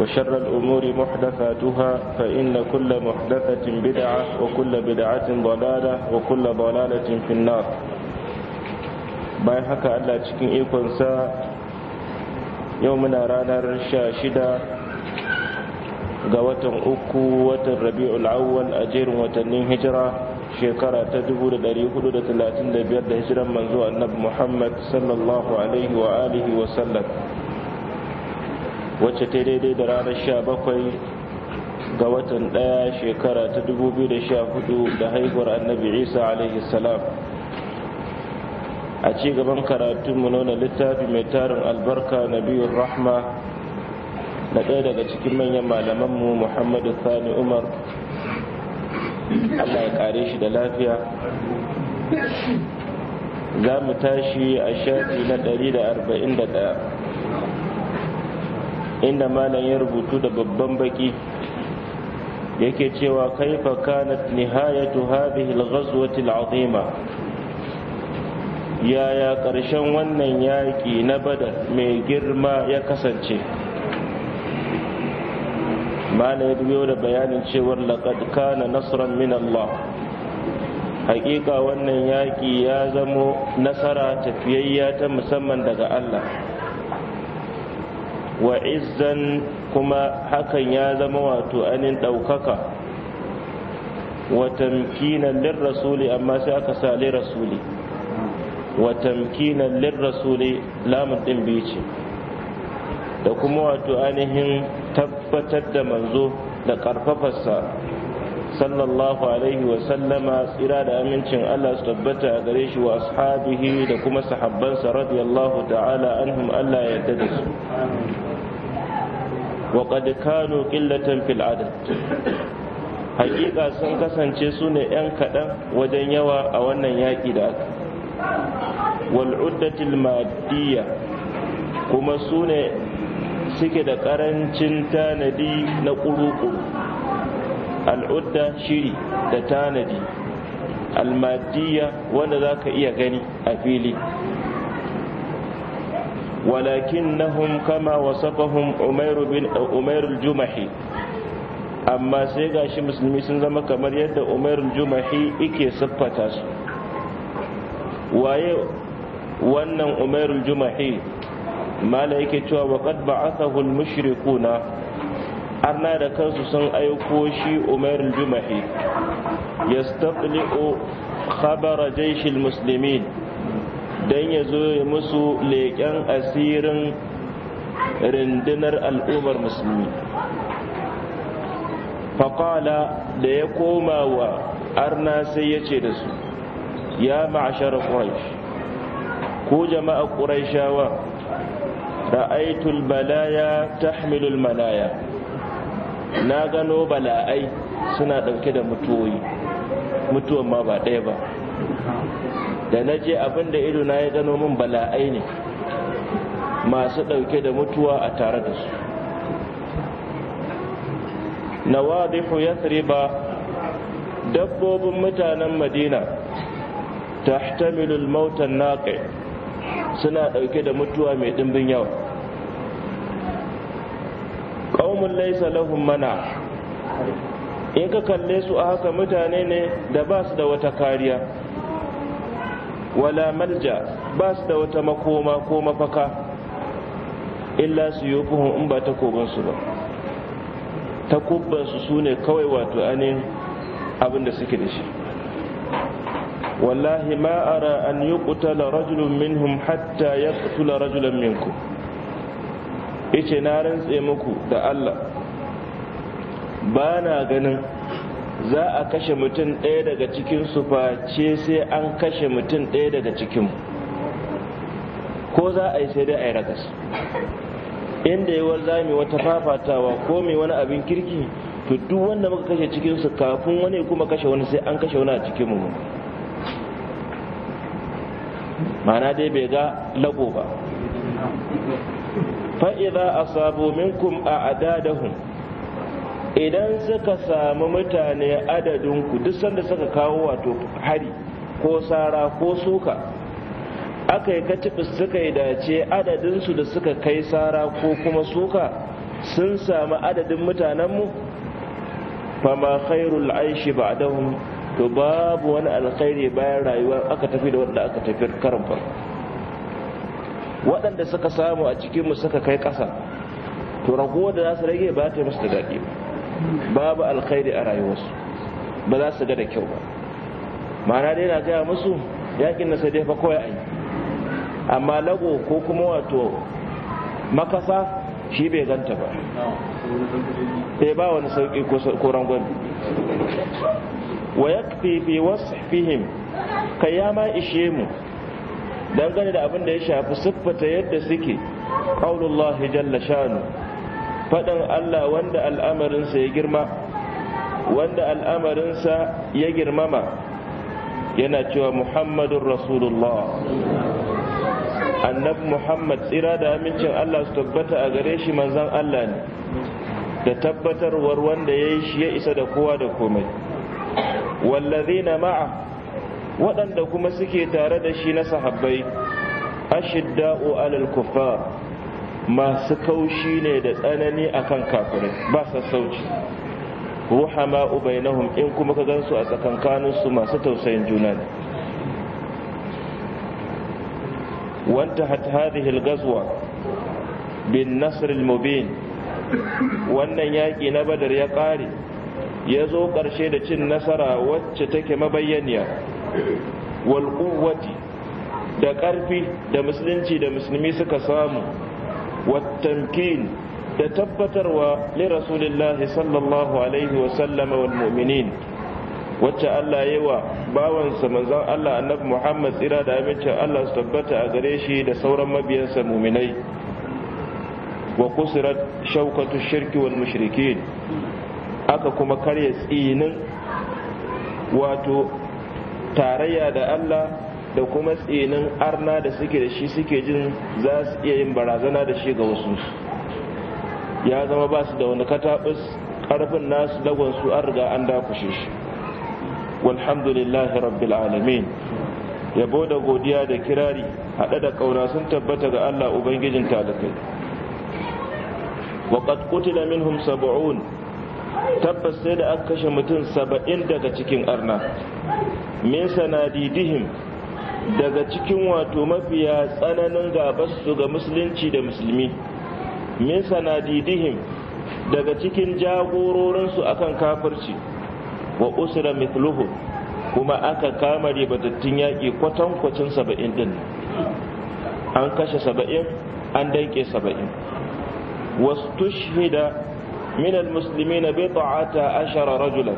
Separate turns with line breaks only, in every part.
وشر الأمور محدثاتها فإن كل محدثة بدعة وكل بدعة ضلالة وكل ضلالة في النار bayan haka Allah cikin sa yau muna ranar sha shida ga watan uku watan rabi'ul awwal a jerin watannin hijira shekara ta 435 da hijiran manzo annabi Muhammad sallallahu alaihi wacce ta daidai da ranar sha bakwai ga watan ɗaya shekara ta dubu biyu da haihuwar annabi isa alaihi salam a ci gaban mu nuna littafi mai tarin albarka na biyun rahma na ɗaya daga cikin manyan malamanmu muhammadu sani umar
allah ya kare shi da
lafiya za mu tashi a shafi na ɗari inda malam ya rubutu da babban baki yake cewa kaifa kanat nihayatu hadhihi al-ghazwati al-azima yaya ƙarshen wannan yaƙi na badar mai girma ya kasance mana ya biyo da bayanin cewar laqad kana nasran min Allah haƙiƙa wannan yaƙi ya zamo nasara tafiyayya ta musamman daga Allah wa kuma hakan ya zama wato anin ɗaukaka wa tamkinan lir rasuli amma sai aka sa lir rasuli wa lir rasuli lamun ɗin ce da kuma wato ainihin tabbatar da manzo da ƙarfafarsa sallallahu alaihi wa sallama tsira da amincin Allah su tabbata a gare shi wa ashabihi da kuma sahabbansa radiyallahu ta'ala anhum Allah ya yarda da su wa qad kanu qillatan fil adad hakika sun kasance su ne yan kaɗan wajen yawa a wannan yaƙi da aka wal uddatil madiyya kuma su ne suke da ƙarancin tanadi na ƙuruƙuru udda shiri da tanadi almadiyya wanda zaka iya gani a fili ولكنهم كما وصفهم bin بن al الجمحي amma sai gashi musulmi sun zama kamar yadda umar jumahi ike siffata su waye wannan umar jumahi mala cewa wa qad ba'athahu al-mushrikuna arna da kansu sun aiko shi umar jumahi yastaqli'u khabara jaysh al-muslimin don ya zo ya musu leƙen asirin rindunar al'ummar musulmi faƙala da ya koma wa arna sai ya ce da su ya ma'ashar ƙwaish Ko jama'a ƙuraishawa ra'aitul balaya hamilul malaya na gano bala'ai suna ɗauke da mutuwa ma ba ɗaya ba da na je abin da ido na ya gano min bala'ai ne masu ɗauke da mutuwa a tare da su na wadihu ba, dabbobin mutanen madina tahtamilul mautan naqi suna ɗauke da mutuwa mai ɗimbin yawa qaumun laysa lahum mana in ka kalle su a haka mutane ne da ba su da wata kariya wala malja ba su da wata makoma ko mafaka illa su yi in ba takobinsu ba takobinsu su ne kawai wato anin abin da suke da shi wallahi ma ara an yi kutala rajulun minhum hatta ya kutula rajulun minku ice na rantse muku da allah ba na ganin za a kashe mutum ɗaya daga cikin su face sai an kashe mutum ɗaya daga cikin ko za a yi sai dai a yi ragas inda yawar za mu wata fafatawa ko mai wani abin kirki to duk wanda muka kashe cikin su kafin wani kuma kashe wani sai an kashe wani a cikin mu ma'ana dai bai ga lago ba fa'iza asabu minkum a adadahum idan suka samu mutane adadin ku duk sanda suka kawo wato hari ko sara ko suka aka yi kacibis suka yi dace adadinsu da suka kai sara ko kuma suka sun samu adadin mutanenmu fama khairul aishi ba'dahum to babu wani alkhairi bayan rayuwa aka tafi da wanda aka tafi karin waɗanda suka samu a cikinmu suka kai ƙasa to rago da za su rage ba ta yi musu da daɗi ba babu alkhairi a rayuwarsu ba za su ga da kyau ba Mana dai na gaya musu yakin na sai dai fa kawai an amma lago ko kuma wato makasa shi bai ganta ba sai eh, ba wani sauki ko rangon wa yakfi fi wasfihim kai ya ma ishe mu dangane da abin da ya shafi siffata yadda suke qaulullahi jalla shanu faɗin Allah wanda al'amarinsa ya girma wanda al'amarinsa ya girmama yana cewa Muhammadun Rasulullah annabi Muhammad tsira da amincin Allah su tabbata a gare shi manzan Allah ne da tabbatarwar wanda ya yi shi ya isa da kowa da komai wallazina ma'a waɗanda kuma suke tare da shi na sahabbai ashidda'u alal kuffar masu kaushi ne da tsanani akan kafirai ba sassauci ruhama ubainahum in kuma ka gansu a tsakankaninsu masu tausayin juna ne wanta hadhihi al Hilgazwa bin nasirin mubin wannan yaƙi na badar ya kare ya zo ƙarshe da cin nasara wacce take mabayyaniya wal da ƙarfi da musulunci da musulmi suka samu والتمكين da tabbatarwa li rasulillahi sallallahu alaihi wa sallama mu'minin wacce Allah yi wa bawansa manzon Allah annabi Muhammad tsira da amincin Allah su tabbata a gare shi da sauran mabiyansa mu'minai wa kusurat shaukatu shirki wal mushrikin aka kuma karya tsinin wato tarayya da Allah da kuma tsinin arna da suke da shi suke jin za su iya yin barazana da shi ga wasu ya zama ba su da wani kataɓus ƙarfin nasu lagonsu an riga an dakushe shi walhamdulillahi rabbil alamin yabo da godiya da kirari haɗe da ƙauna sun tabbata ga allah ubangijin talakai waƙad kutila minhum saba'un tabbas sai da aka kashe mutum saba'in daga cikin arna min sanadidihim daga cikin wato mafiya tsananin gabasu ga musulunci da musulmi min sanadidihim daga cikin jagororinsu akan kafirci wa usra mithluhu kuma aka kama ribatattun yaƙi kwatankwacin saba'in din an kashe saba'in an danƙe saba'in wasu tushhida min al-musulmi na bai ta'ata ashara rajulan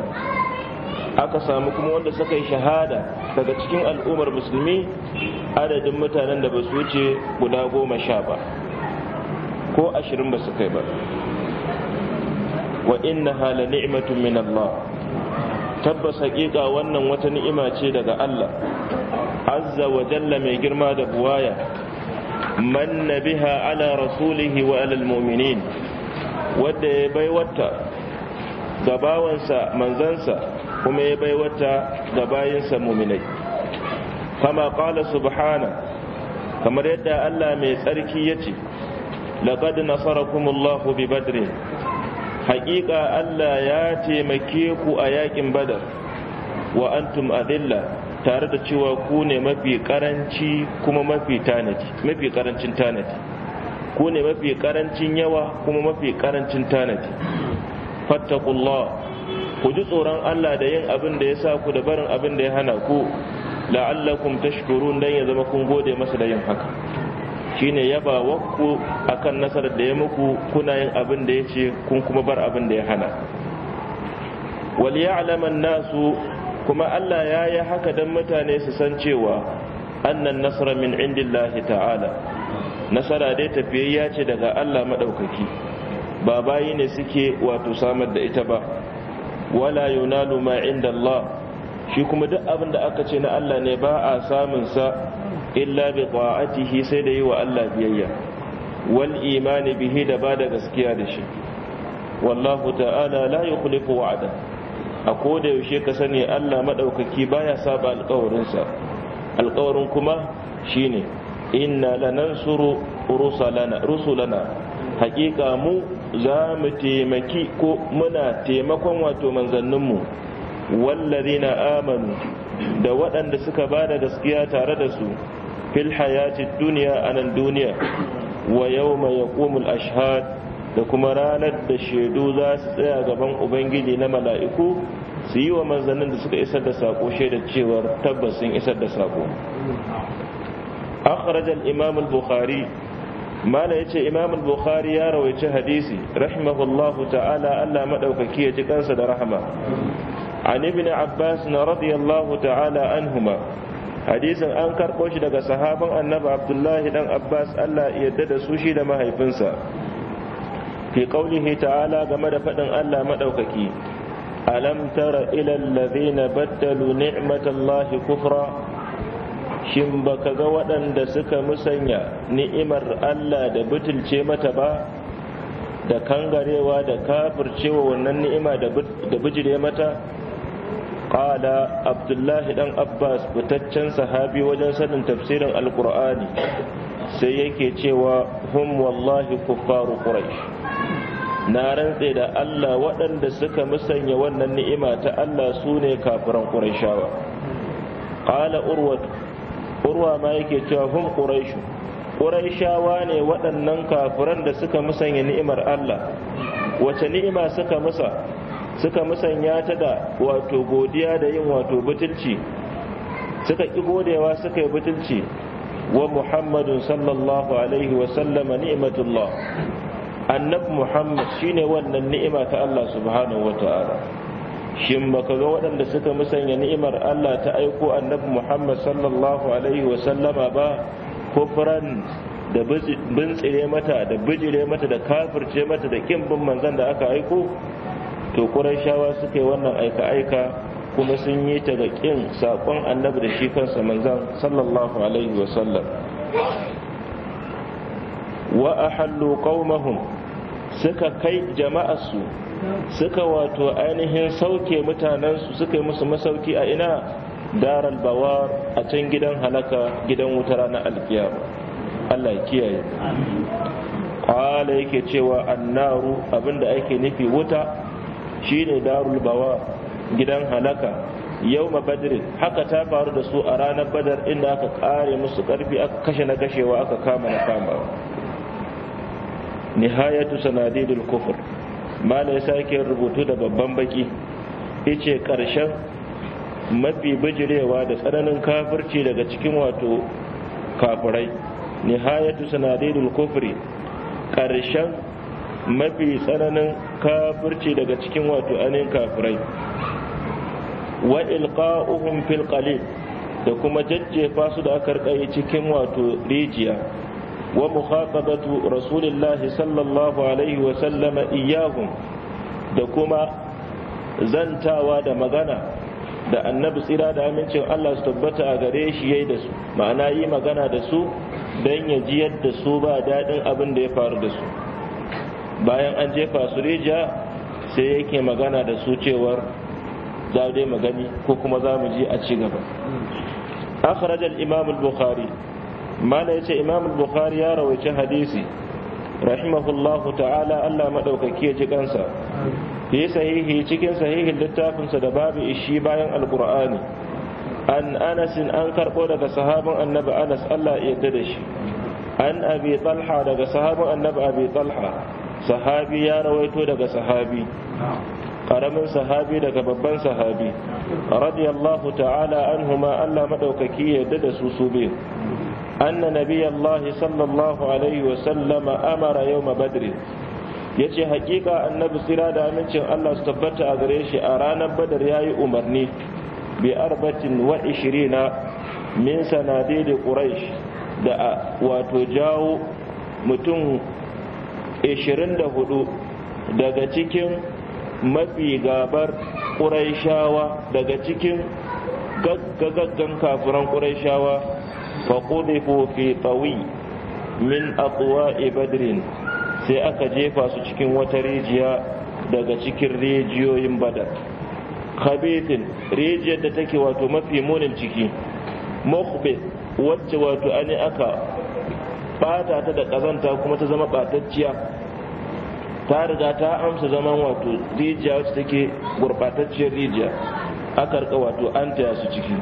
aka samu kuma wanda suka yi shahada daga cikin al'ummar musulmi adadin mutanen da ba su wuce guda goma sha ba ko ashirin ba su kai ba wa inna hala ni'matun min Allah tabbas haƙiƙa wannan wata ni'ima ce daga Allah azza wa jalla mai girma da buwaya man biha ala rasulihi wa ala mu'minin wadda ya baiwata ga bawansa manzansa kuma ya baiwata ga bayinsa muminai kama qala subhana kamar yadda Allah mai tsarki ya ce laqad nasarakumullahu bi badri haƙiƙa Allah ya taimake ku a yakin badar wa antum adilla tare da cewa ku ne mafi karanci kuma mafi tanadi mafi karancin tanadi ku ne mafi karancin yawa kuma mafi karancin tanadi fattakullah ku ji tsoron Allah da yin abin da ya sa ku da barin abin da ya hana ku la'allakum tashkurun dan ya zama kun gode masa da yin haka shine yaba wakku akan nasarar da ya muku kuna yin abin da ya ce kun kuma bar abin da ya hana wal ya'laman nasu kuma Allah ya yi haka dan mutane su san cewa annan nasara min indillahi ta'ala nasara dai tafiyayya ce daga Allah madaukaki ba bayi ne suke wato samar da ita ba wala yunalu ma inda Allah shi kuma duk abin da aka ce na Allah ne ba a samun sa illa bi ta'atihi sai da yi wa Allah biyayya wal imani bihi da ba da gaskiya da shi wallahu ta'ala la yukhliqu wa'ada a koda yaushe ka sani Allah madaukaki baya saba sa. alƙawarin kuma shine inna lanansuru rusulana rusulana haƙiƙa mu za mu taimaki ko muna taimakon wato manzanninmu na amanu da waɗanda suka ba da gaskiya tare da su fil hayati duniya a nan duniya wa yau mai yaƙumul ashad da kuma ranar da shaidu za su tsaya gaban ubangiji na mala'iku su yi wa manzannin da suka isar da saƙo shaidar cewar tabbas sun isar da saƙo akhraj imamul imam bukhari mala ya ce imamul bukhari ya rawaici hadisi rahimahullahu ta'ala allah maɗaukaki ya ji kansa da rahama an ibn abbas na radiyallahu ta'ala huma. hadisin an karɓo shi daga sahaban annabi abdullahi dan abbas allah yadda da su shi da mahaifinsa fi qaulihi ta'ala game da faɗin allah maɗaukaki alam tara ila allazina baddalu ni'matallahi kufra shin ba ka ga waɗanda suka musanya ni'imar Allah da butulce mata ba da kangarewa da kafircewa wannan ni'ima da bijire mata ƙala abdullahi ɗan abbas fitaccen sahabi wajen sanin tafsirin alkur'ani sai yake cewa hum wallahi kuffaru quraish na rantse da allah waɗanda suka musanya wannan ni'ima ta allah su ne kafiran qurayshawa ƙala urwatu urwa ma yake cewa hum quraishu quraishawa ne waɗannan kafiran da suka musanya ni'imar Allah wace ni'ima suka musa suka musanya ta da wato godiya da yin wato butulci suka ki godewa suka yi butulci wa muhammadun sallallahu alaihi wa sallama ni'matullah annabi muhammad shine wannan ni'ima ta Allah subhanahu wa ta'ala shin baka ga waɗanda suka musanya ni'imar Allah ta aiko annabi Muhammad sallallahu alaihi wa sallama ba kufran da bintsire mata da bijire mata da kafirce mata da kin bin manzan da aka aiko to Qurayshawa suka yi wannan aika aika kuma sun yi ta ga kin saƙon annabi da shi kansa manzan sallallahu alaihi wa sallam wa ahallu qaumahum suka kai su suka wato ainihin sauke mutanensu suka yi musu masauki a ina daral bawar a can gidan halaka gidan wuta na alkiyama Allah kiyaye kwala yake cewa annaru abinda ake nufi wuta shine darul bawar gidan halaka yau badrin haka ta faru da su a ranar badar inda aka kare musu karfi aka kashe na kashewa aka kama na kamawa nihayatu sanadidul kufur mala sake rubutu da babban baki ice karshen mafi bijirewa da tsananin kafirci daga cikin wato kafirai nihayatu sanadidul kufri karshen mafi tsananin kafirci daga cikin wato anin kafirai wa ilqa'uhum fil qalil da kuma jajjefa su da aka cikin wato rijiya ومخاطبة رسول الله صلى الله عليه وسلم إياهم دكما زنتا ودا مغانا da annabi tsira da amincin Allah su tabbata a gare shi yayi da su ma'ana yi magana da su don ya ji yadda su ba daɗin abin da ya faru da su bayan an jefa su rijiya sai yake magana da su cewar za dai magani ko kuma za mu ji a ci gaba akhraj imam al-bukhari mala yace imam bukhari ya rawaice hadisi rahimahullahu ta'ala Allah maɗaukaki ya ji kansa fi sahihi cikin sahihin littafinsa da babu ishi bayan alkur'ani an anas an karbo daga sahabin annabi anas Allah ya da shi an abi talha daga sahabin annabi abi talha sahabi ya rawaito daga sahabi karamin sahabi daga babban sahabi radiyallahu ta'ala anhuma Allah maɗaukaki ya yarda da su su biyu أن نبي الله صلى الله عليه وسلم أمر يوم بدر yace haƙiƙa annabi tsira da amincin Allah su tabbata a gare shi a ranar badar yayi umarni bi arbatin wa ishirina min sanade da quraish da wato jawo mutum 24 daga cikin mafi gabar quraishawa daga cikin gaggagaggan kafiran quraishawa فقذفوا في طوي min atwa'i badrin sai aka jefa su cikin wata rijiya daga cikin rijiyoyin badar khabithin rijiyar da take wato mafi munin ciki mukhbith wacce wato ani aka bata ta da kazanta kuma ta zama batacciya ta riga ta amsa zaman wato rijiya wacce take gurbatacciyar rijiya aka rika wato an taya su ciki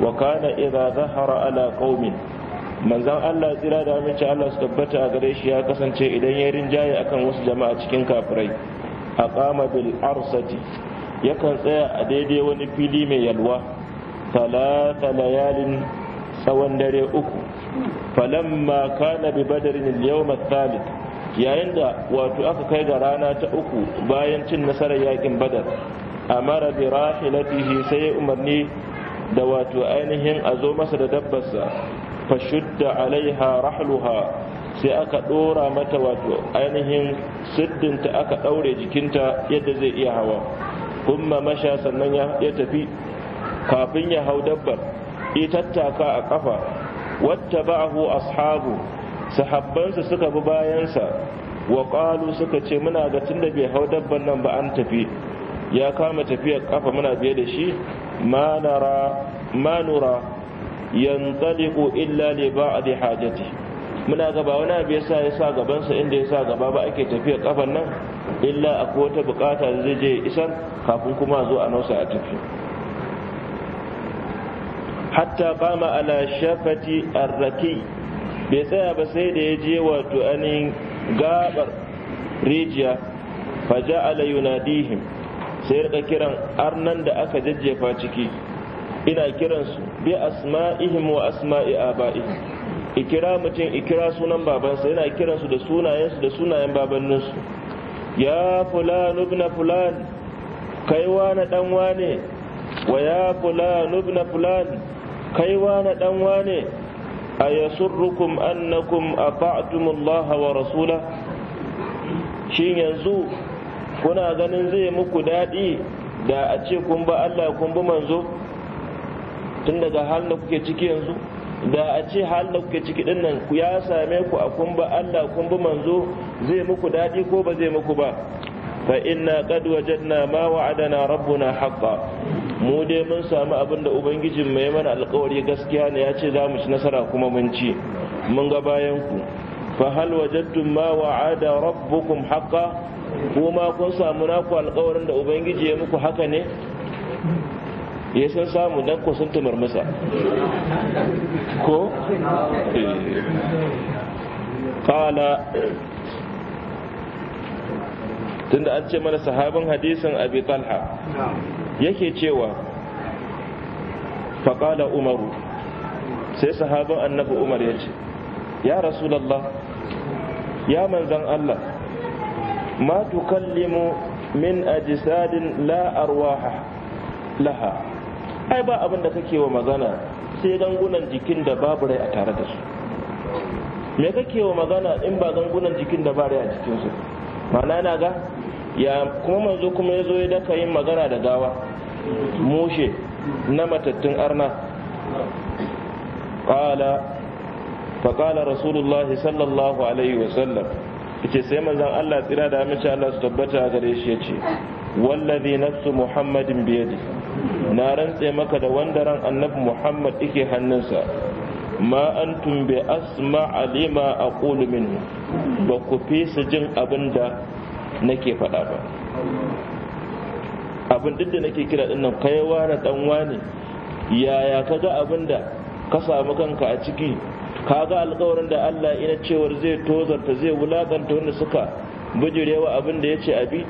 wa kana idza zahara ala qaumin manzon Allah tsira da aminci Allah su tabbata a gare shi ya kasance idan ya rinjaye akan wasu jama'a cikin kafirai aqama bil arsati yakan tsaya a daidai wani fili mai yalwa talata layalin tsawon dare uku falamma kana bi badarin al-yawm ath yayin da wato aka kai ga rana ta uku bayan cin nasarar yakin badar amara bi rahilatihi sai umarni da wato ainihin a zo masa da dabbarsa fashudda alaiha rahluha sai aka ɗora mata wato ainihin siddinta aka ɗaure jikinta yadda zai iya hawa kuma masha sannan ya tafi kafin ya hau dabbar tattaka a ƙafa wata ba'ahu ashabu sahabbansa suka bi bayansa wa suka ce muna ga tunda bai hau dabban nan ba an tafi ya kama tafiyar kafa muna biye da shi ma nara ma nura yantaliqu illa li hajati muna gaba wani abu yasa ya sa gabansa inda ya sa gaba ba ake tafiyar kafan nan illa a wata bukata da zai je isar kafin kuma zo a nausa a tafi hatta kama ala shafati arraki bai tsaya ba sai da ya je wato anin gabar rijiya faja ala yunadihim sai rika kiran arnan da aka jajjefa ciki ina kiransu bi asma'ihim wa asma'i aba'ihim ikira mutum ikira sunan babansa yana kiransu da sunayensu da sunayen babanninsu ya fulan ibn fulan kai wani dan wane wa ya fulan ibn fulan kai wani dan wane ayasurrukum annakum ata'tumullaha wa rasula shin yanzu kuna ganin zai muku daɗi da a ce kun ba Allah kun bi manzo tun daga halin da kuke ciki yanzu da a ce halin da kuke ciki din nan ya same ku a kun ba Allah kun bi manzo zai muku daɗi ko ba zai muku ba fa inna qad wajadna ma wa'adana rabbuna haqqan mu dai mun samu abin da ubangijin mai mana alkawari gaskiya ne ya ce za mu ci nasara kuma mun ci mun ga bayan ku فهل وجدتم ما وعد ربكم حقا kuma kun samu ku alƙawarin da ubangiji ya muku haka ne ya san samu dan ku sun tumar masa ko kala tunda an ce mana sahabin hadisin abi talha yake cewa faƙala umaru sai sahabin annabi umar ya ce ya rasulallah ya manzan Allah ma tukallimu min ajsadin la arwaha laha ai ba abin da kake wa magana sai gangunan jikin da babu rai a tare da su me kake wa magana in ba gangunan jikin da ba rai a cikin su Mana na ga ya kuma manzo kuma ya zo ya daka yin magana da gawa mushe na matattun arna ƙala faƙala rasulullahi sallallahu alaihi wasallam ce sai manzon Allah tsira da amince Allah su tabbata a gare shi ya ce wallazi nafsu muhammadin biyadi na rantse maka da wanda ran annabi muhammad yake hannunsa ma antum bi asma alima aqulu minhu ba ku fi su jin abin da nake faɗa ba abin duk da nake kira din nan kai ware dan wane yaya kaga abin da ka samu kanka a ciki kaga alƙawarin da Allah ina cewar zai tozarta zai wulakanta wanda suka bijirewa abin da yace abi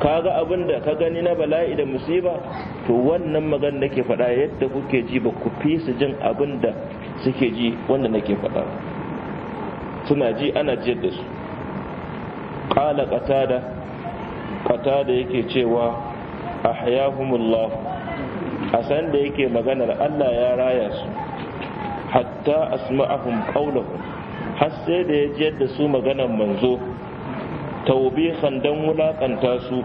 kaga abin da ka gani na bala'i da musiba to wannan magana nake faɗa yadda kuke ji ba ku fi su jin abin da suke ji wanda nake faɗa suna ji ana jiyar da su ƙala ƙatada ƙatada yake cewa ahyahumullah a san da yake maganar Allah ya raya su hatta asma'ahum qawluhum har sai da ya ji yadda su maganar manzo tawbihan dan wulakanta su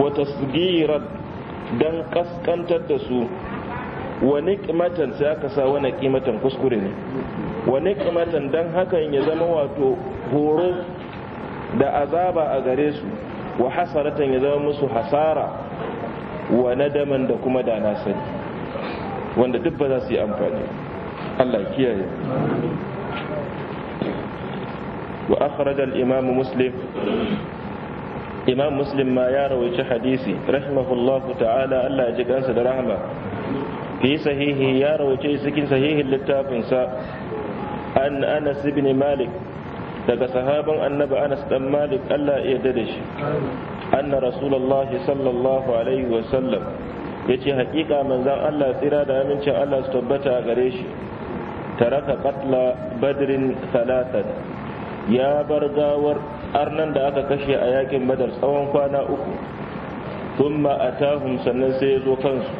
wa tasgiran dan kaskantar da su wa nikmatan sai aka sa wani kimatan kuskure ne wa nikmatan dan hakan ya zama wato horo da azaba a gare su wa hasaratan ya zama musu hasara wa nadaman da kuma da na sani wanda duk ba za su yi amfani Allah kiyaye wa akhraj al imam muslim imam muslim ma ya rawaici hadisi rahimahullahu ta'ala Allah ya ji kansa da rahma. fi sahihi ya rawaice cikin sahihin littafinsa an anas ibn malik daga sahaban annabi anas dan malik Allah ya yarda da shi anna rasulullah sallallahu alaihi wa sallam yace hakika manzon Allah tsira da amincin Allah su tabbata a gare shi taraka katla badrin talatan ya bar gawar arnan da aka kashe a yakin badar tsawon kwana uku thumma atahum sannan sai ya zo kansu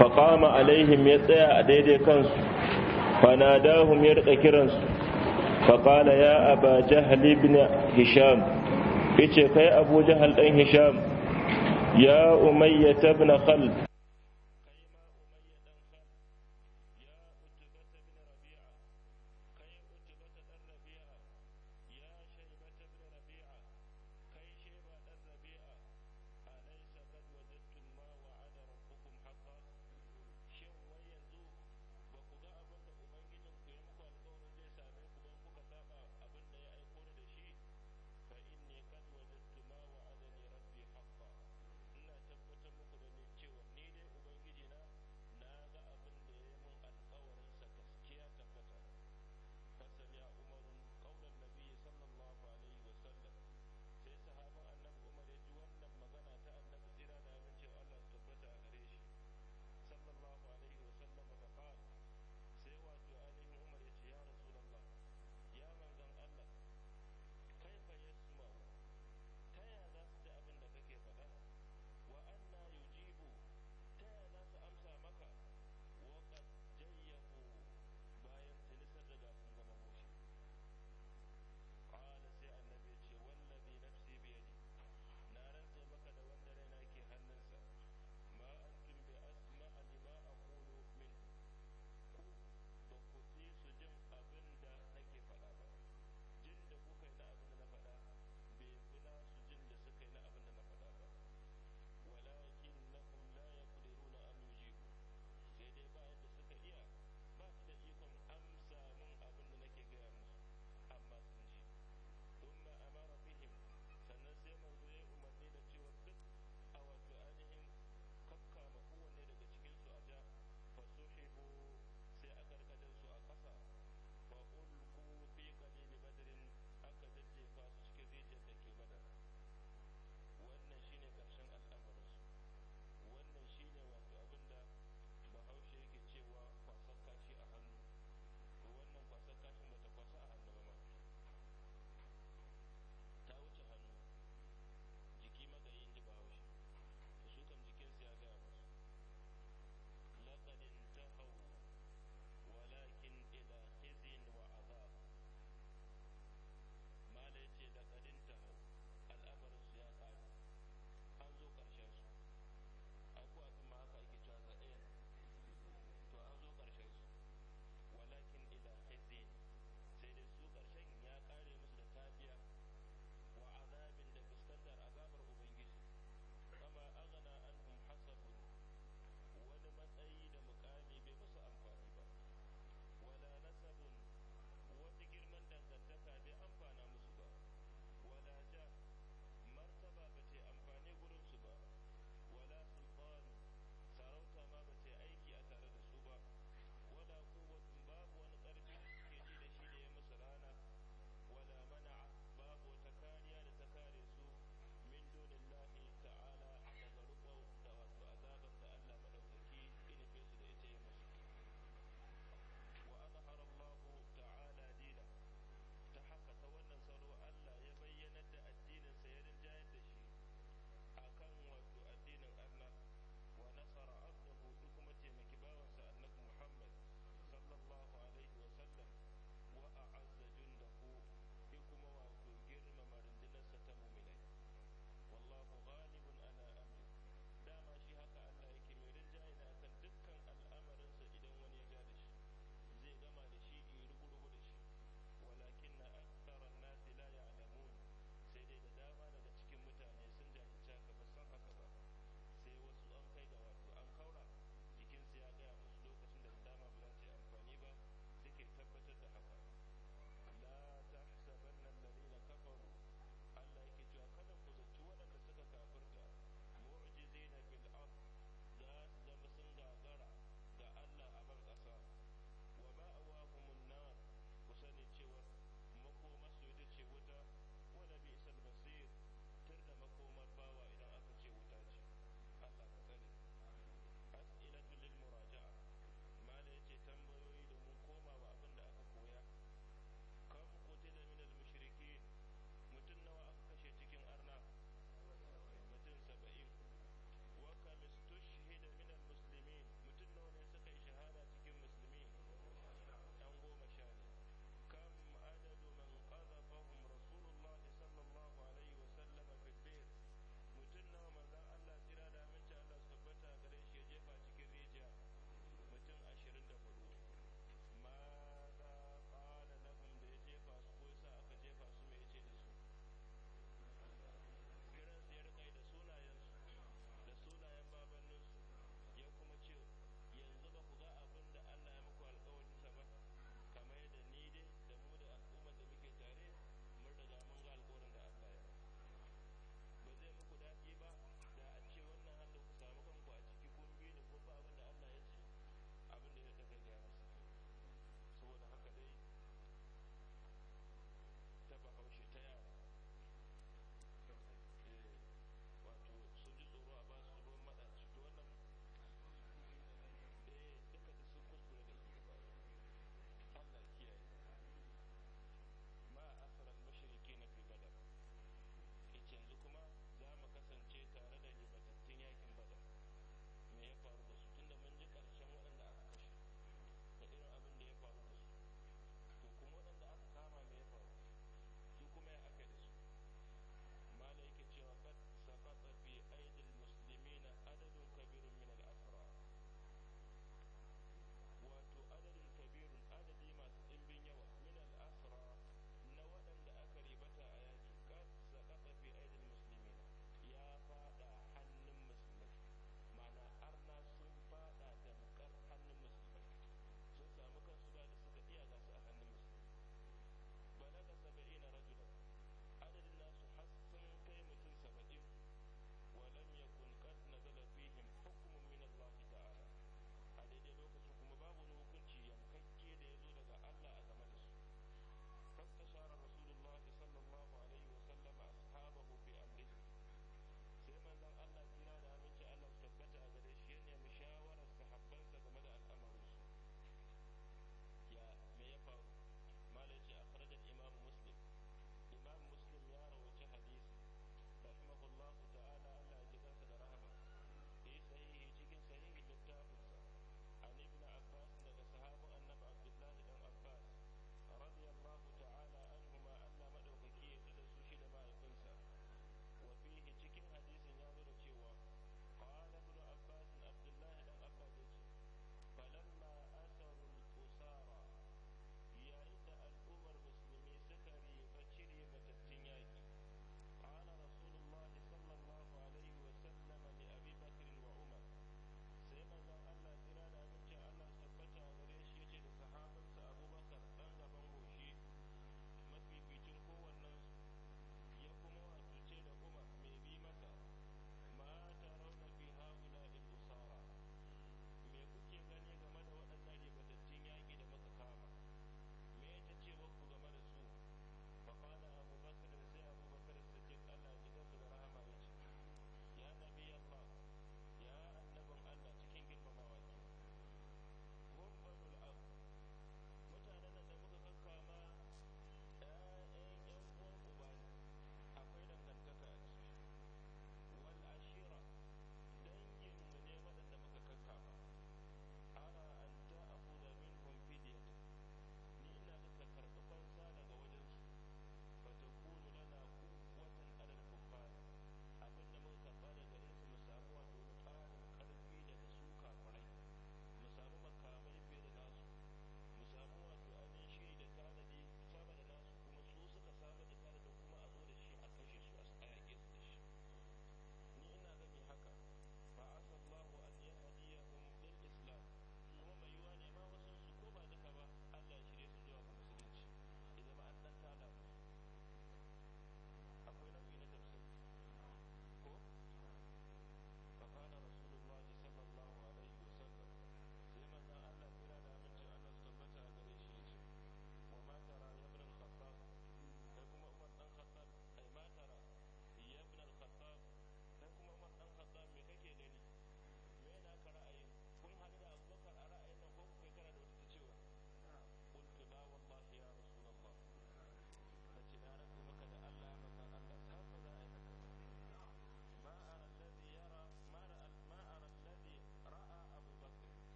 faqama alaihim ya tsaya a daidai kansu fanadahum ya rika kiransu faqala ya aba jahl ibn hisham yace kai abu jahal dan hisham ya umayya ibn khalid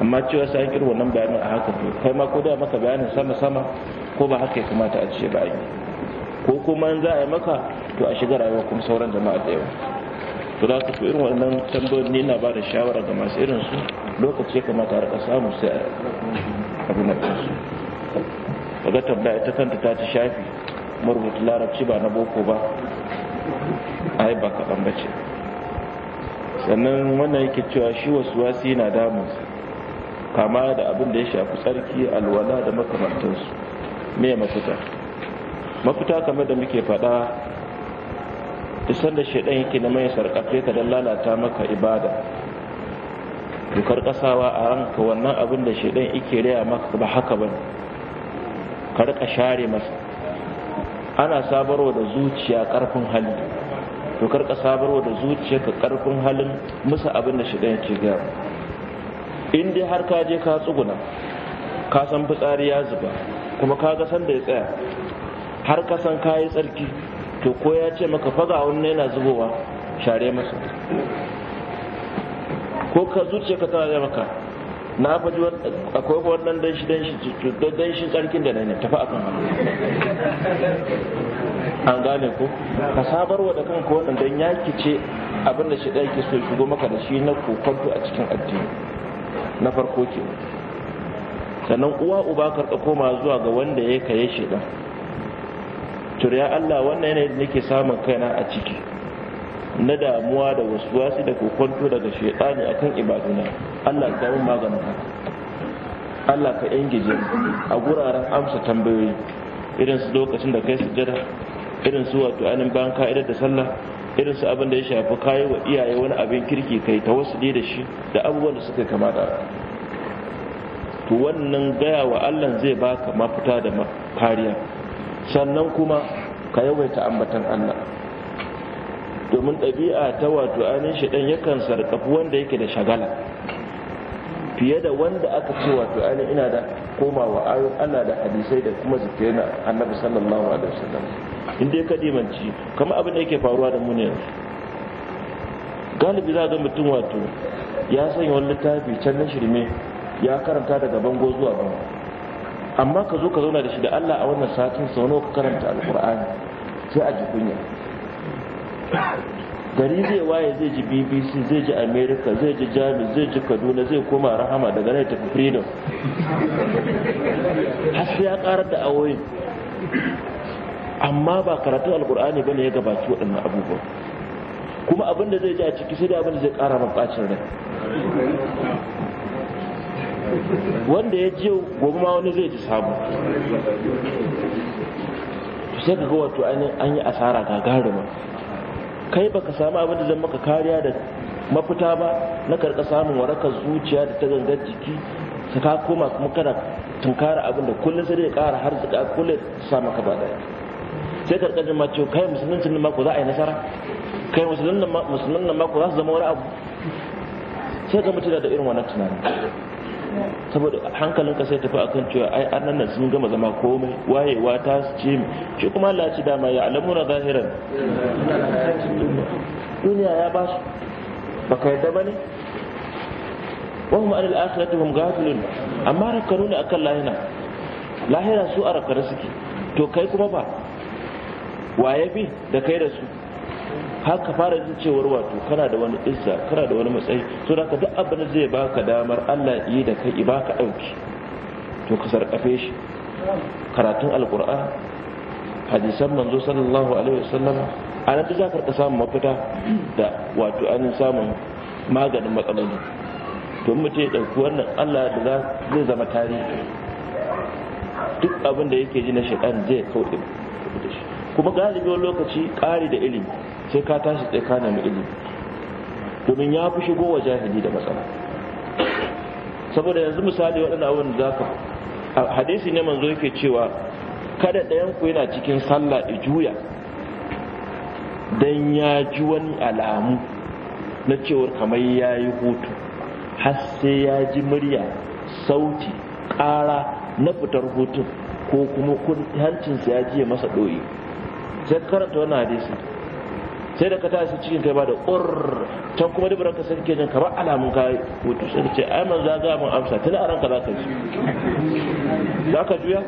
amma cewa sai an kirwa nan bayanin a haka to kai ma ko da maka bayanin sama sama ko ba haka ya kamata a ce ba yi ko kuma in za a yi maka to a shiga rayuwa kuma sauran jama'a da yawa to za ka irin wannan tambayoyin ni na ba da shawara ga masu irin su lokaci ya kamata a rika samu sai abu na kansu kaga tambaya ita kanta ta ci shafi marubuta larabci ba na boko ba yi ba kaɗan ba ce sannan wannan yake cewa shi wasu wasi na damunsa kama da abin da ya shafi tsarki alwala da makamantansu me mafita mafita kamar da muke faɗa isar da shaidan yake na mai sarƙafe ka don lalata maka ibada dukar ƙasawa a ranka wannan abin da shaidan yake raya maka ba haka ba ka rika share masa ana sabarwa da zuciya ƙarfin hali dukar kasabarwa da zuciya ka ƙarfin halin musa abin da shaidan yake gaba in dai har ka je ka tsuguna ka san fitsari ya zuba kuma ka ga san da ya tsaya har ka san ka yi tsarki to ko ya ce maka faga wannan yana zubowa share masa ko ka zuce ka tana da maka na faji akwai wannan dan shi dan shi dan shi tsarkin da nan tafi akan
hannu.
an gane ko ka sabarwa da kanka wannan dan yaki ce abin da shi da yake so shigo maka da shi na kokonto a cikin addini na farko ke sannan uwa uba karɓa koma zuwa ga wanda ya kaye shi ɗan turiya allah wannan yanayi da nake samun kaina a ciki na damuwa da wasu wasu da kokonto daga shaidani akan ibaduna allah ka kawo maganin haka allah ka ingije a guraren amsa tambayoyi irin su lokacin da kai sujjada irin su wato anin banka ka'idar da sallah irin su abin da ya shafi kayi wa iyaye wani abin kirki kai ta wasu da shi da abubuwan da suka kama da to wannan gaya wa Allah zai baka mafita da kariya sannan kuma ka yawaita ambatan Allah domin ɗabi'a ta wato anin shi ɗan yakan sarƙafi wanda yake da shagala fiye da wanda aka ce wato anin ina da komawa ayon Allah da hadisai da kuma zikirin annabi sallallahu alaihi wasallam in dai ka dimanci kamar abin da yake faruwa da mu yanzu galibi za ga mutum wato ya sanya wani littafi can na shirme ya karanta daga bango zuwa bango amma ka zo ka zauna da shi da Allah a wannan satin sau nawa ka karanta alkur'ani sai a ji kunya gari zai waye zai ji bbc zai ji america zai ji jamus zai ji kaduna zai koma rahama daga nan tafi freedom har sai ya karar da awoyin amma ba karatun alkur'ani bane ya gabaci waɗannan abubuwan kuma abin da zai ji a ciki sai da abin da zai ƙara man ɓacin rai wanda ya ji gobe ma wani zai ji samu sai ka ga wato an yi asara gagaruma kai baka samu abin da zan maka kariya da mafita ba na karka samun warakar zuciya da ta gangar jiki ka koma kuma kana tunkara abin da kullum sai dai ƙara har zuka kullum sa maka ba daya sai karkar mace kai musulmancin nan mako za a yi nasara kai musulman nan mako za su zama wani abu sai ga mutum da irin wannan tunanin saboda hankalinka sai tafi akan cewa ai annan nan sun gama zama komai wayewa ta ce shi kuma Allah ci dama ya alamuna zahiran duniya ya ba su baka yadda bane wa hum anil akhirati hum ghafilun amma ne akan lahira lahira su a rakare suke to kai kuma ba wa ya bi da kai da su haka fara jin cewar wato kana da wani izza kana da wani matsayi so da duk abin zai baka damar Allah yi da kai ba ka dauki to ka sarkafe shi karatun alqur'an hadisan manzo sallallahu alaihi wasallam a nan za ka samu mafita da wato an samun maganin matsaloli to mu ce dauki wannan Allah da zai zama tarihi duk abin da yake ji na shaitan zai kauɗe da shi kuma galibi wani lokaci ƙari da ilimi sai ka tashi tsaye ka nemi ilimi domin ya fi shigo wa jahili da matsala saboda yanzu misali waɗanda abin da zaka hadisi ne manzo yake cewa kada ɗayan ku yana cikin sallah da juya don ya ji wani alamu na cewar kamar ya yi hutu har sai ya ji murya sauti ƙara na fitar hutun ko kuma hancinsa ya ji masa ɗoyi sai karanta wannan hadisi sai da ka tashi cikin kai ba da ƙurr can kuma dubara ka sarki jin ba alamun ka hutu sai ce ai man za ga mun amsa tun a ranka za ka ji za ka juya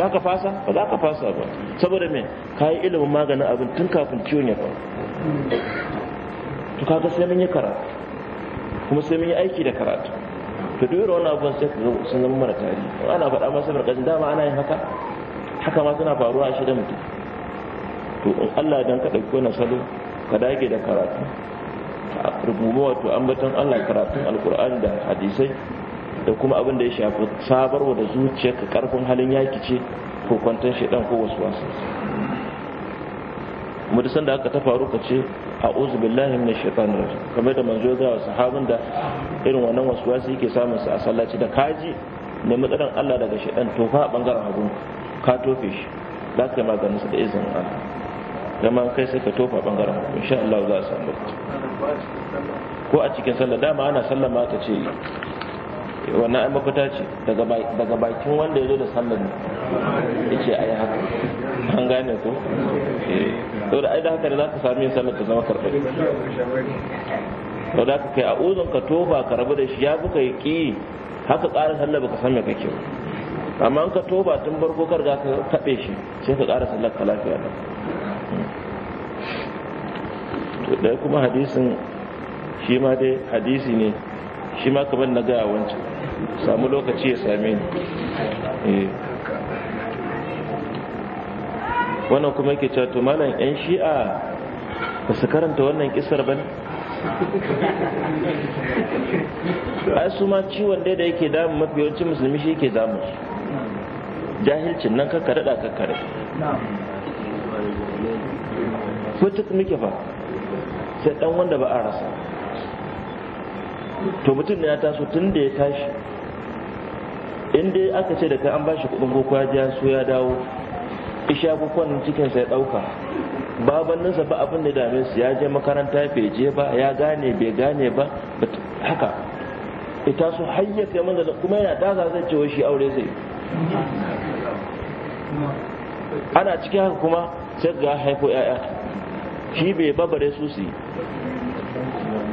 za ka fasa ba za ka fasa ba saboda me ka yi ilimin maganin abin tun kafin ciwon ya faru to kaga sai mun yi karatu kuma sai mun yi aiki da karatu to dole wani abubuwan sai ka zama mara tarihi ana faɗa masa barkacin dama ana yin haka haka ma suna faruwa a shida mutum to Allah dan ka ɗauki wani salo ka dage da karatu rububu wato ambaton Allah karatun alkur'ani da hadisai da kuma abin da ya shafi sabarwa da zuciya ka karfin halin yaki ce ko kwantar shaidan ko wasu wasu kuma duk sanda aka ta faru ka ce a uzu billahi minash shaitani rajim kamar da manzo ga sahabin da irin wannan wasu wasu yake samun sa a sallaci da kaji ne matsalan Allah daga shaidan to fa bangaren hagun ka tofe shi za ka yi maganin sa da izinin Allah zama kai sai ka tofa bangaren hagu insha Allah za a samu ko a cikin sallah dama ana sallah ma ka ce wannan ai makwata ce daga bakin wanda ya zo da sallar ne ya ce ai haka an gane ko eh. saboda ai da haka da za ka sami yin sallar ta zama karfe? sau da ka kai a uzun ka tofa ka rabu da shi ya buka ya ki haka ƙarin sallar baka san me kake ba amma ka toba tun barko kar ga ka taɓe shi sai ka ƙara sallar ka lafiya da to dai kuma hadisin shi ma dai hadisi ne shi ma kamar na gaya wancan samu lokaci ya same ni eh. wannan kuma yake cewa to malam yan shi'a ba su karanta wannan kisar ba ne ai su ma ciwon da yake damun mafi yawancin musulmi shi yake damun jahilcin nan kakka daɗa kakka daɗa mutuk muke fa sai ɗan wanda ba a rasa to mutum ne ya taso tun da ya tashi in dai aka ce da kai an bashi kuɗin ko kwajiya so ya dawo isha kukwan cikin sai ɗauka babanninsa ba abin da dame su ya je makaranta bai je ba ya gane bai gane ba haka ita su hayya kai manzalin kuma yana daga zai ce wai shi aure zai ana cikin haka kuma sai ga haifo 'ya'ya. shi bai babare su su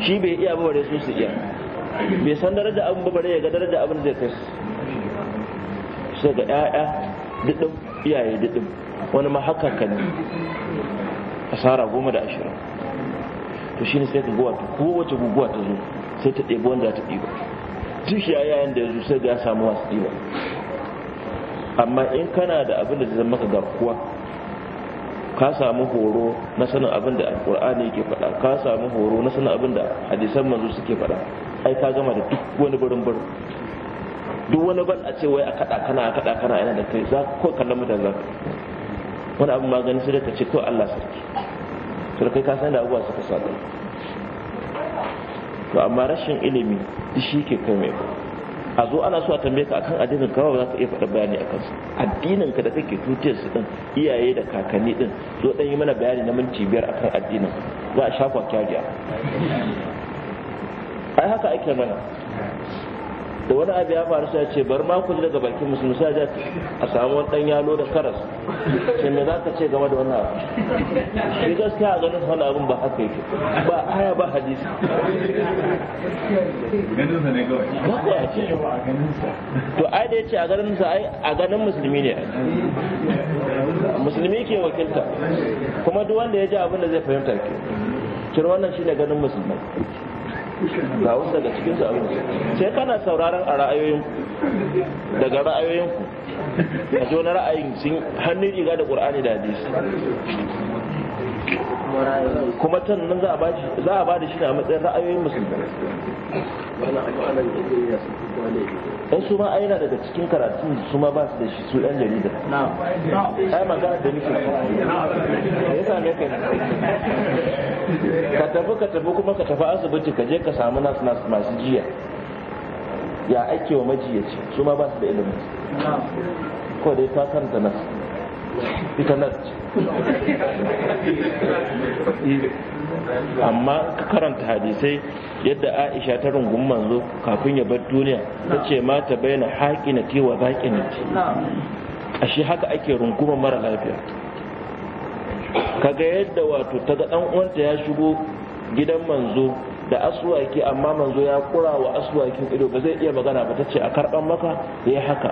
shi bai iya babare su su iya bai san daraja abin babare ya ga daraja abin zai kai sai ga 'ya'ya didim iyaye didim wani ma haka ka ne asara goma da ashirin to shi ne sai ka gowa ta kowace guguwa ta zo sai ta ɗebi wanda ta ɗiba duk yayayen da ya zo sai ga ya samu masu ɗiba amma in kana da abin da zai maka garkuwa ka samu horo na sanin abin da alkur'ani yake faɗa ka samu horo na sanin abin da hadisan manzo suke faɗa ai ka gama da duk wani burin burin duk wani ban a ce wai a kaɗa kana a kaɗa kana yana da kai za ko kallon mutane za ka wani abin magani sai da ka ce ko Allah sarki sai kai ka san da abubuwa suka sa to amma rashin ilimi shi ke kai mai ba a zo ana so a tambaye ka akan addinin ka ba za ka iya faɗa bayani akan su addinin ka da kake tutiyar su din iyaye da kakanni din zo dan yi mana bayani na minti biyar akan addinin za a shafa kyaja ai haka ake mana da wani abu ya faru sai ce bar ma kulli daga bakin musulmi sai ja a samu wani dan yalo da karas sai me zaka ce game da wannan abu shi gaskiya a ganin wannan abun ba haka yake ba aya ba hadisi ganin ne kawai ba a ganin sa to ai da yace a ganin sa ai a ganin musulmi ne musulmi ke wakilta kuma duk wanda ya ji abin da zai fahimta ke kira wannan shine ganin musulmi ga wasu daga cikin su abin sai kana sauraron a ra'ayoyin daga ra'ayoyin ku a ji wani ra'ayin sun hannun riga da qur'ani da hadisi kuma tan nan za a ba za a ba da shi a matsayin ra'ayoyin musulmai dan su ma aina daga cikin karatu su ma ba su da shi su yan jarida ai magana da nake ya ne ka ka tafi ka tafi kuma ka tafi asibiti ka je ka samu nas nas masu jiya ya ake wa majiyaci su ma ba su da ilimin ko dai ta kanta nas ita nas amma ka karanta hadisai yadda aisha ta rungun manzo kafin ya bar duniya ta ce ma ta bayyana haƙi na tewa baƙi na ce ashe haka ake runguma mara lafiya kaga yadda wato ta ga dan uwanta ya shigo gidan manzo da aswaki amma manzo ya kura wa aswakin ido ba zai iya magana ba tace a karban maka yayi haka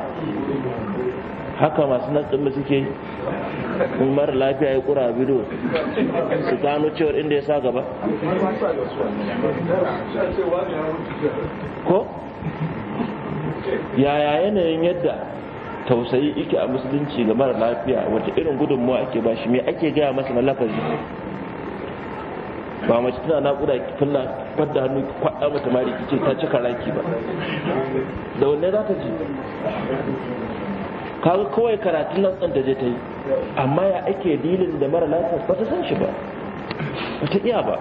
haka masu natsin suke in mara lafiya ya kura bido su gano cewar inda ya sa gaba ko yaya yanayin yadda tausayi ike a musulunci ga mara lafiya wata irin gudunmawa ake ba shi me ake gaya masa na lafazi ba mace tana naƙuda ki fulla kwadda hannu ki kwaɗa mata mari ki ce ta cika raki ba da wanne za ta ji kawai kawai karatun nan da je ta yi amma ya ake dilin da mara lafiya ba ta san shi ba ba ta iya ba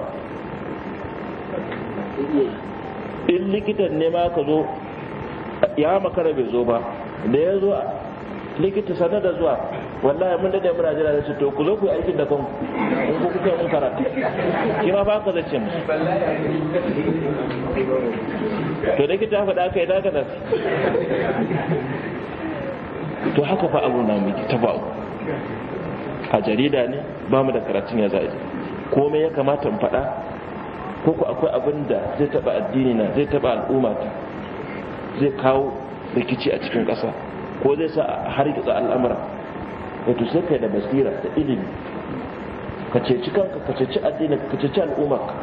in likitan ne ma ka zo ya makara bai zo ba da ya zo likita sanar da zuwa wallahi mun dade muna jira da su to ku zo ku yi aikin da kanku in ku kuka mun karatu shi ma ba ka zace mu to likita ya faɗa kai daga nan to haka fa abu na miki ta ba'u a jarida ne ba mu da karatun ya zaje komai ya kamata in faɗa ko ku akwai abin da zai taɓa addini na zai taɓa al'umma ta zai kawo rikici a cikin ƙasa ko zai sa a hargitsa al'amura wato sai kai da basira da ilimi ka ceci kanka ka ceci addinin ka ceci al'ummarka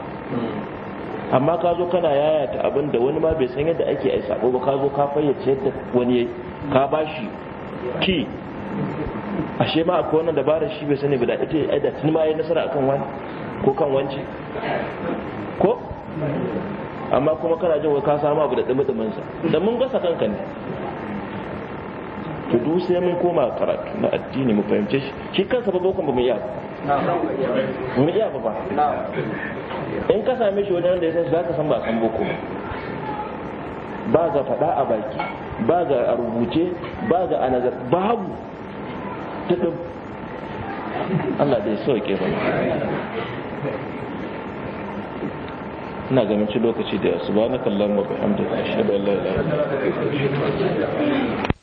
amma ka zo kana yayata abin da wani ma bai san yadda ake yi sabo ba ka zo ka fayyace yadda wani ya ka bashi ki ashe ma akwai wannan dabara shi bai sani ba ita ya da tun ma ya nasara akan wani ko kan wance ko amma kuma kana jin wani ka samu abu da dumi da mun gasa kanka ne to duk sai mun koma karatu na addini mu fahimce shi shi kansa ba bokon ba mu iya mu iya ba ba in ka same shi wajen da ya san za ka san ba san boko ba ba ga faɗa a baki ba ga a rubuce ba ga a nazar babu ta ɗin Allah bai sauke ba ina ganin ci lokaci da subhanakallahumma wa bihamdika ashhadu an la ilaha illa anta astaghfiruka wa atubu